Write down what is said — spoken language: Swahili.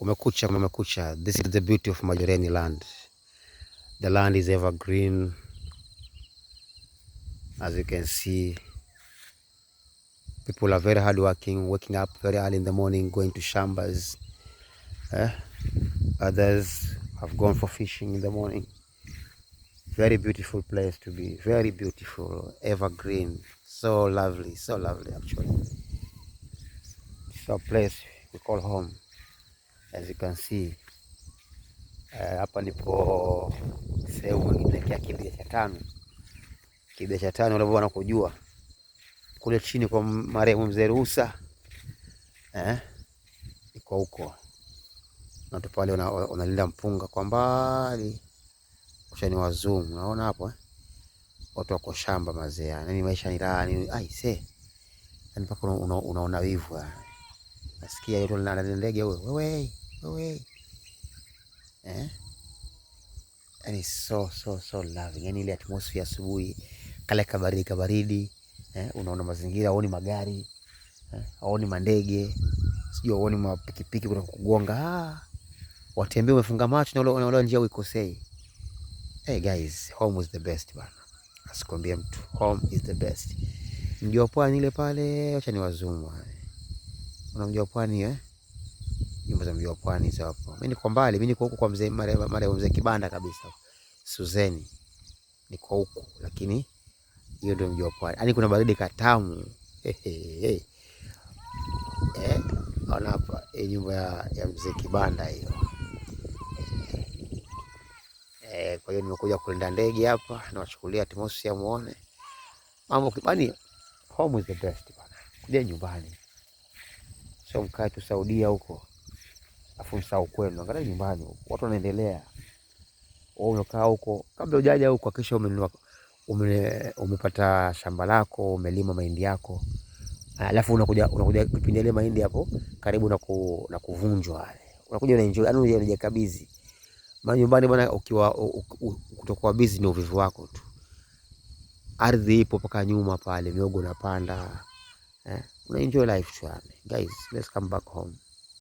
Kumekucha, kumekucha. This is the beauty of Majoreni land. The land is evergreen. As you can see, people are very hardworking, waking up very early in the morning, going to shambas. Eh? Others have gone for fishing in the morning. Very beautiful place to be. Very beautiful, evergreen. So lovely, so lovely actually. It's a place we call home. As you can see eh, hapa nipo sehemu inaelekea kibia cha tano. Kibia cha tano wale wanakujua kule chini kwa marehemu mzee Ruhusa eh, iko huko natu pale unalinda mpunga kwa mbali, kisha ni wazungu. Naona hapo eh? Watu wako shamba mazea, nani maisha ni raha, ni aise, yani mpaka unaona wivu ya. Nasikia hilo la ndege huyo, wewe wewe, eh, yani so so so loving, yani ile atmosphere asubuhi, kale kabaridi kabaridi, eh, unaona mazingira, uoni magari eh, uoni mandege, sijui uoni mapikipiki kuna kugonga, ah, watembea umefunga macho na unaona njia uikosei. Hey guys, home is the best bana, asikwambie mtu, home is the best. Mjua pwani ile pale, acha ni wazumwa Unamjua pwani eh? Nyumba za mji wa pwani za hapo. Mimi niko mbali, mimi niko huko kwa mzee mare mare mzee Kibanda kabisa. Suzeni. Niko huko lakini hiyo ndio mji wa pwani. Yaani kuna baridi katamu. Eh, ona hapa e, eh, nyumba ya, ya mzee Kibanda hiyo. Eh, eh, kwa hiyo nimekuja kulinda ndege hapa na wachukulia atmosphere muone. Mambo kibani home is the best bana. Kuja nyumbani sio mkae tu Saudia huko afu msahau kwenu, angalia nyumbani huko watu wanaendelea. Wewe umekaa huko, kabla hujaja huko kisha umenunua umepata shamba lako, umelima mahindi yako, alafu unakuja unakuja kipindi ile mahindi hapo karibu na ku, na kuvunjwa unakuja una enjoy, yani kabizi Maana nyumbani bwana, ukiwa kutokuwa busy ni uvivu wako tu. Ardhi ipo paka nyuma pale, miogo unapanda Eh, Una-enjoy life siya. Guys, let's come back home.